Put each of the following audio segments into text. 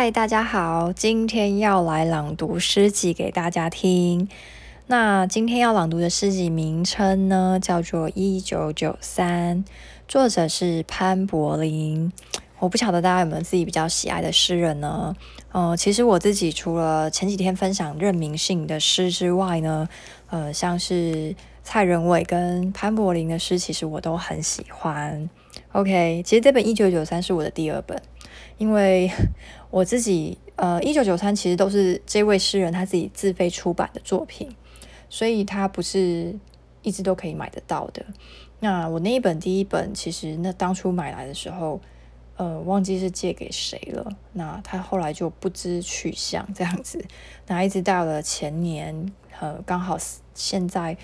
嗨，Hi, 大家好，今天要來朗讀詩集給大家聽。那今天要朗讀的詩集名稱呢，叫做《一九九三》，作者是潘柏霖。我不曉得大家有沒有自己比較喜愛的詩人呢？呃，其實我自己除了前幾天分享任明信的詩之外呢，呃，像是蔡仁偉跟潘柏霖的詩，其實我都很喜歡。OK，其實這本《一九九三》是我的第二本，因為。我自己呃，一九九三其實，都是這位詩人他自己自費出版的作品，所以他不是一直都可以買得到的。那我那一本第一本，其實那當初買來的時候，呃，忘記是借給誰了，那他後來就不知去向，這樣子。那一直到了前年，呃，剛好現在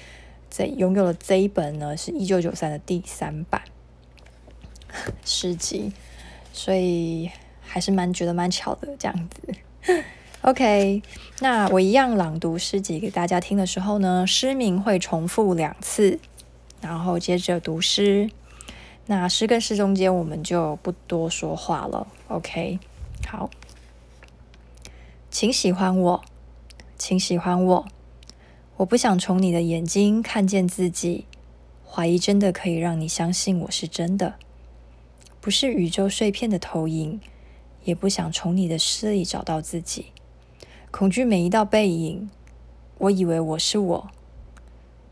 在擁有了這一本呢，是一九九三的第三版詩 集，所以。還是蠻覺得蠻巧的這樣子。 OK，那我一樣朗讀詩集給大家聽的時候呢，詩名會重複兩次，然後接着讀詩。那詩跟詩中間我們就不多說話了。OK，好，請喜歡我，請喜歡我。我不想從你的眼睛看見自己，懷疑真的可以讓你相信我是真的，不是宇宙碎片的投影。也不想從你的詩裡找到自己，恐懼每一道背影。我以為我是我，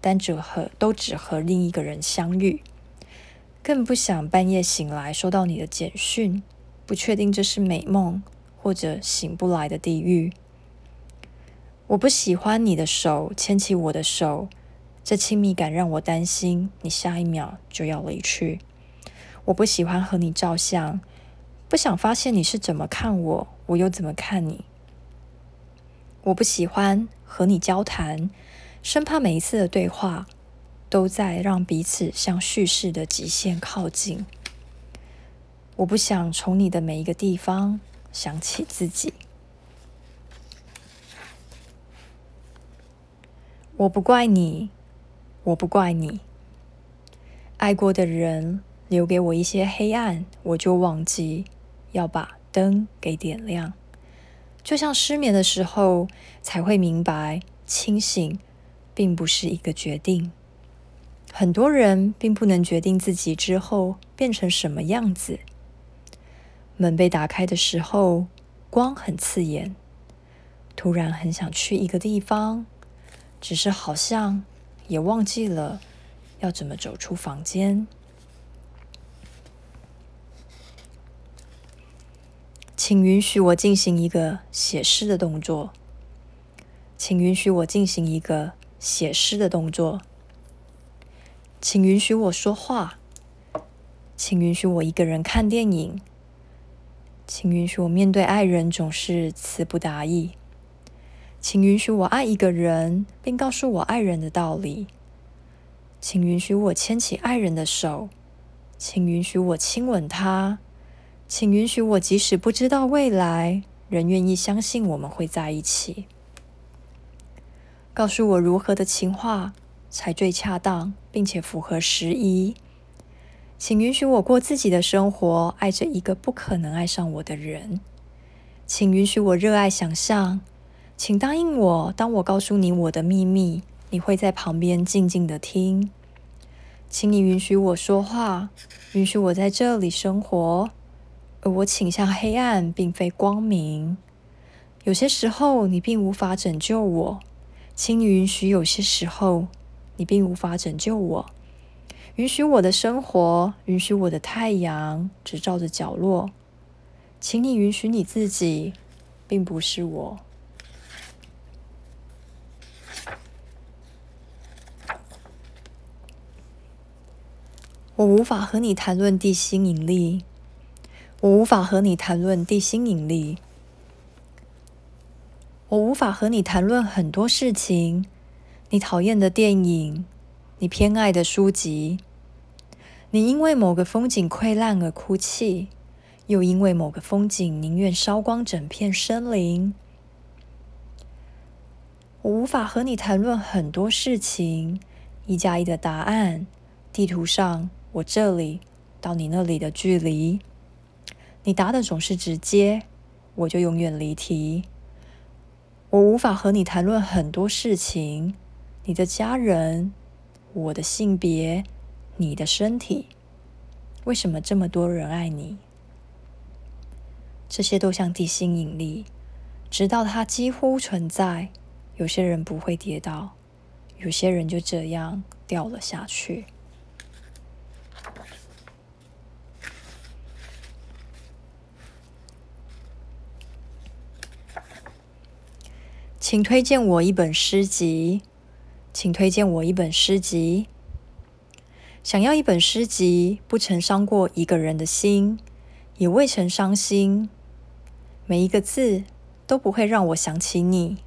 但只和都只和另一個人相遇。更不想半夜醒來收到你的簡訊，不確定這是美夢，或者醒不來的地獄。我不喜歡你的手牽起我的手，這親密感讓我擔心你下一秒就要離去。我不喜歡和你照相。我不想發現你是怎麼看我，我又怎麼看你。我不喜歡和你交談，生怕每一次的對話都在讓彼此向敘事的極限靠近。我不想從你的每一個地方想起自己。我不怪你，我不怪你。愛過的人留給我一些黑暗，我就忘記。要把燈給點亮，就像失眠的時候才會明白，清醒並不是一個決定。很多人並不能決定自己之後變成什麼樣子。門被打開的時候，光很刺眼，突然很想去一個地方，只是好像也忘記了要怎麼走出房間。請允許我進行一個寫詩的動作。請允許我進行一個寫詩的動作。請允許我說話。請允許我一個人看電影。請允許我面對愛人總是詞不達意。請允許我愛一個人，並告訴我愛人的道理。請允許我牽起愛人的手。請允許我親吻他。請允許我，即使不知道未來，仍願意相信我們會在一起。告訴我如何的情話才最恰當，並且符合時宜。請允許我過自己的生活，愛着一個不可能愛上我的人。請允許我熱愛想象，請答應我，當我告訴你我的秘密，你會在旁邊靜靜地聽。請你允許我說話，允許我在這裡生活。而我傾向黑暗，並非光明。有些時候，你並無法拯救我，請你允許有些時候，你並無法拯救我。允許我的生活，允許我的太陽只照着角落。請你允許你自己，並不是我。我無法和你談論地心引力。我無法和你談論地心引力。我無法和你談論很多事情，你討厭的電影，你偏愛的書籍，你因為某個風景潰爛而哭泣，又因為某個風景寧願燒光整片森林。我無法和你談論很多事情，一加一的答案，地圖上我這裡到你那裡的距離。你答的總是直接，我就永遠離題。我無法和你談論很多事情，你的家人，我的性別，你的身體。為什麼這麼多人愛你？這些都像地心引力，直到它幾乎存在，有些人不會跌倒，有些人就這樣掉了下去。請推薦我一本詩集。請推薦我一本詩集。想要一本詩集，不曾傷過一個人的心，也未曾傷心。每一個字都不會讓我想起你。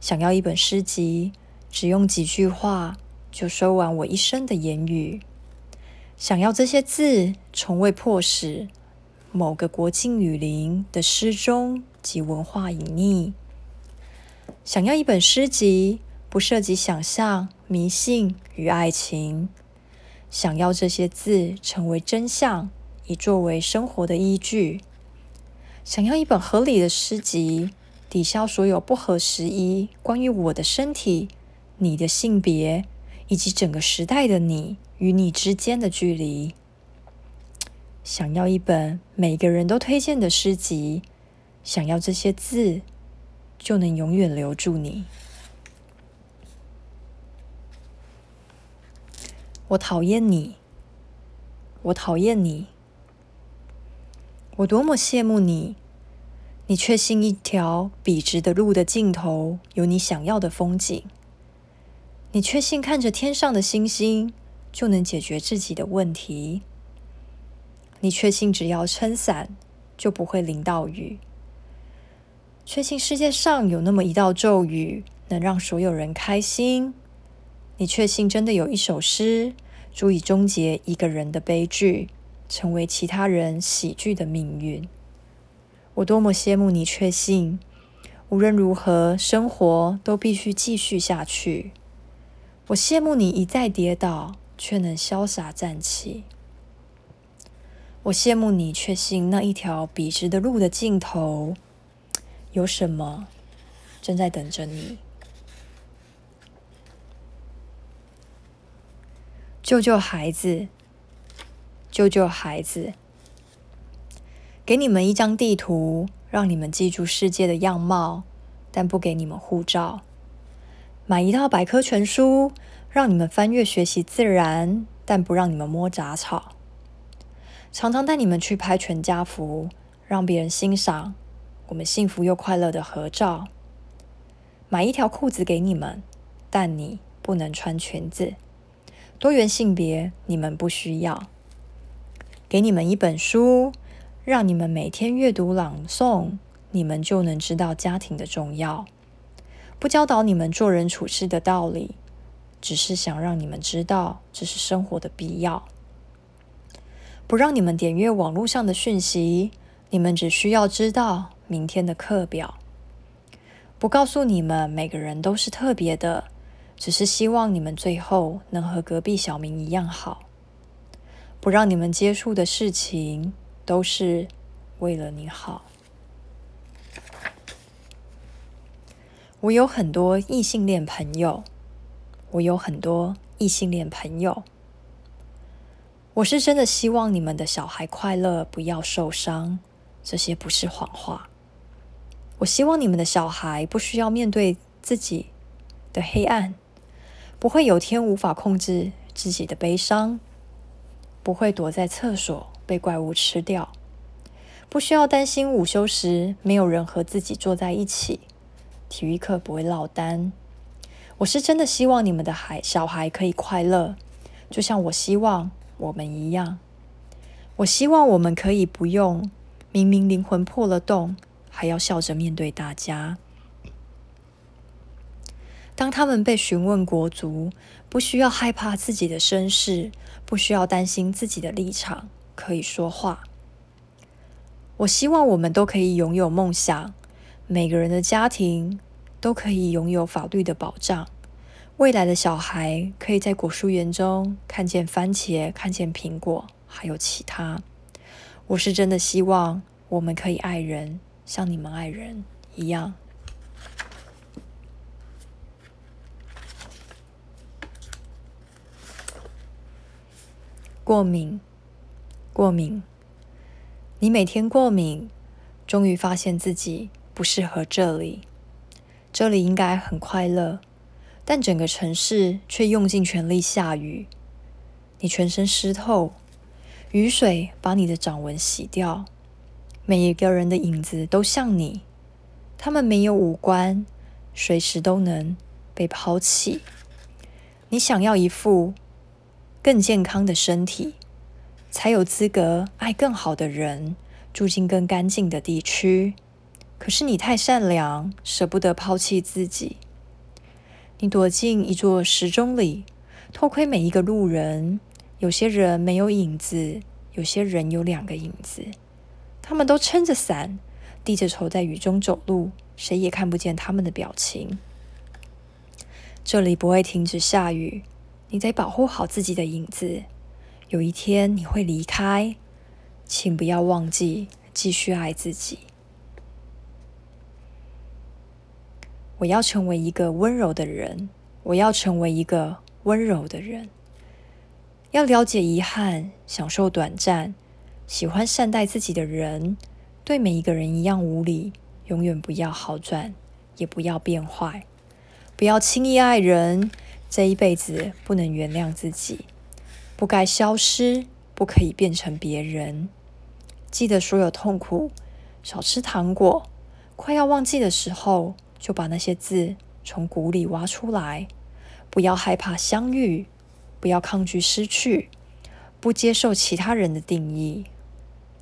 想要一本詩集，只用幾句話就說完我一生的言語。想要這些字，從未迫使某個國境雨林的詩中及文化隱匿。想要一本詩集，不涉及想象、迷信與愛情。想要這些字成為真相，以作為生活的依據。想要一本合理的詩集，抵消所有不合時宜。關於我的身體、你的性別以及整個時代的你與你之間的距離。想要一本每個人都推薦的詩集。想要這些字。就能永遠留住你。我討厭你，我討厭你，我多麼羨慕你！你確信一條筆直的路的盡頭有你想要的風景，你確信看着天上的星星就能解決自己的問題，你確信只要撐傘就不會淋到雨。確信世界上有那麼一道咒語，能讓所有人開心？你確信真的有一首詩，足以終結一個人的悲劇，成為其他人喜劇的命運？我多麼羨慕你，確信無論如何，生活都必須繼續下去。我羨慕你一再跌倒，卻能瀟灑站起。我羨慕你確信那一條筆直的路的盡頭。有什麼正在等着你？救救孩子！救救孩子！給你們一張地圖，讓你們記住世界的樣貌，但不給你們護照。買一套百科全書，讓你們翻閱學習自然，但不讓你們摸雜草。常常帶你們去拍全家福，讓別人欣賞。我們幸福又快樂的合照。買一條褲子給你們，但你不能穿裙子。多元性別，你們不需要。給你們一本書，讓你們每天閱讀朗誦，你們就能知道家庭的重要。不教導你們做人處事的道理，只是想讓你們知道這是生活的必要。不讓你們點閱網絡上的訊息，你們只需要知道。明天的課表。不告訴你們，每個人都是特別的，只是希望你們最後能和隔壁小明一樣好。不讓你們接觸的事情，都是為了你好。我有很多異性戀朋友，我有很多異性戀朋友。我是真的希望你們的小孩快樂，不要受傷，這些不是謊話。我希望你們的小孩不需要面對自己的黑暗，不會有天無法控制自己的悲傷，不會躲在廁所被怪物吃掉，不需要擔心午休時沒有人和自己坐在一起，體育課不會落單。我是真的希望你們的孩小孩可以快樂，就像我希望我們一樣。我希望我們可以不用明明靈魂破了洞。還要笑着面對大家。當他們被詢問國，國族不需要害怕自己的身世，不需要擔心自己的立場，可以說話。我希望我們都可以擁有夢想，每個人的家庭都可以擁有法律的保障，未來的小孩可以在果蔬園中看見番茄，看見蘋果，還有其他。我是真的希望我們可以愛人。像你們愛人一樣過敏，過敏。你每天過敏，終於發現自己不適合這裡。這裡應該很快樂，但整個城市卻用盡全力下雨。你全身濕透，雨水把你的掌紋洗掉。每一個人的影子都像你，他們沒有五官，隨時都能被拋棄。你想要一副更健康的身體，才有資格愛更好的人，住進更乾淨的地區。可是你太善良，捨不得拋棄自己。你躲進一座時鐘裡，偷窺每一個路人。有些人沒有影子，有些人有兩個影子。他們都撐着傘，低着頭在雨中走路，誰也看不見他們的表情。這裡不會停止下雨，你得保護好自己的影子。有一天你會離開，請不要忘記繼續愛自己。我要成為一個溫柔的人，我要成為一個溫柔的人，要了解遺憾，享受短暫。喜歡善待自己的人，對每一個人一樣無理，永遠不要好轉，也不要變壞，不要輕易愛人。這一輩子不能原諒自己，不該消失，不可以變成別人。記得所有痛苦，少吃糖果。快要忘記的時候，就把那些字從骨裡挖出來。不要害怕相遇，不要抗拒失去，不接受其他人的定義。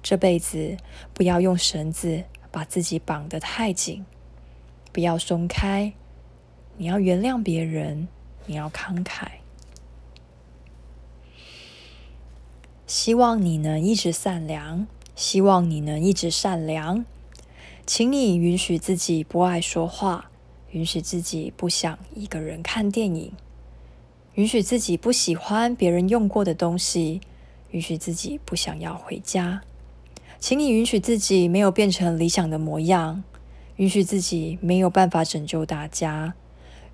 這輩子不要用繩子把自己綁得太緊，不要鬆開。你要原諒別人，你要慷慨。希望你能一直善良。希望你能一直善良。請你允許自己不愛說話，允許自己不想一個人看電影，允許自己不喜歡別人用過的東西，允許自己不想要回家。請你允許自己沒有變成理想的模樣，允許自己沒有辦法拯救大家，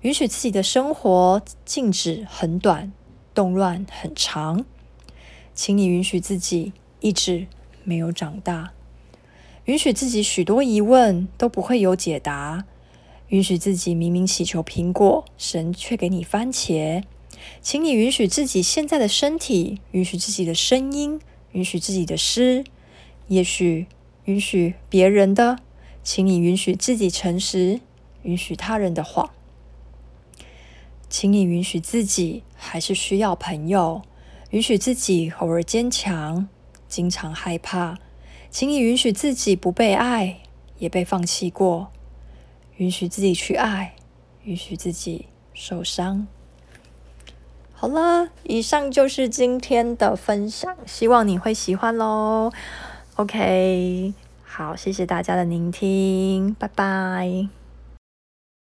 允許自己的生活靜止很短，動亂很長。請你允許自己一直沒有長大，允許自己許多疑問都不會有解答，允許自己明明祈求蘋果，神卻給你番茄。請你允許自己現在的身體，允許自己的聲音，允許自己的詩。也許允許別人的，請你允許自己誠實；允許他人的謊，請你允許自己還是需要朋友；允許自己偶爾堅強，經常害怕。請你允許自己不被愛，也被放棄過；允許自己去愛，允許自己受傷。好了，以上就是今天的分享，希望你會喜歡嘍。OK，好，謝謝大家的聆聽，拜拜。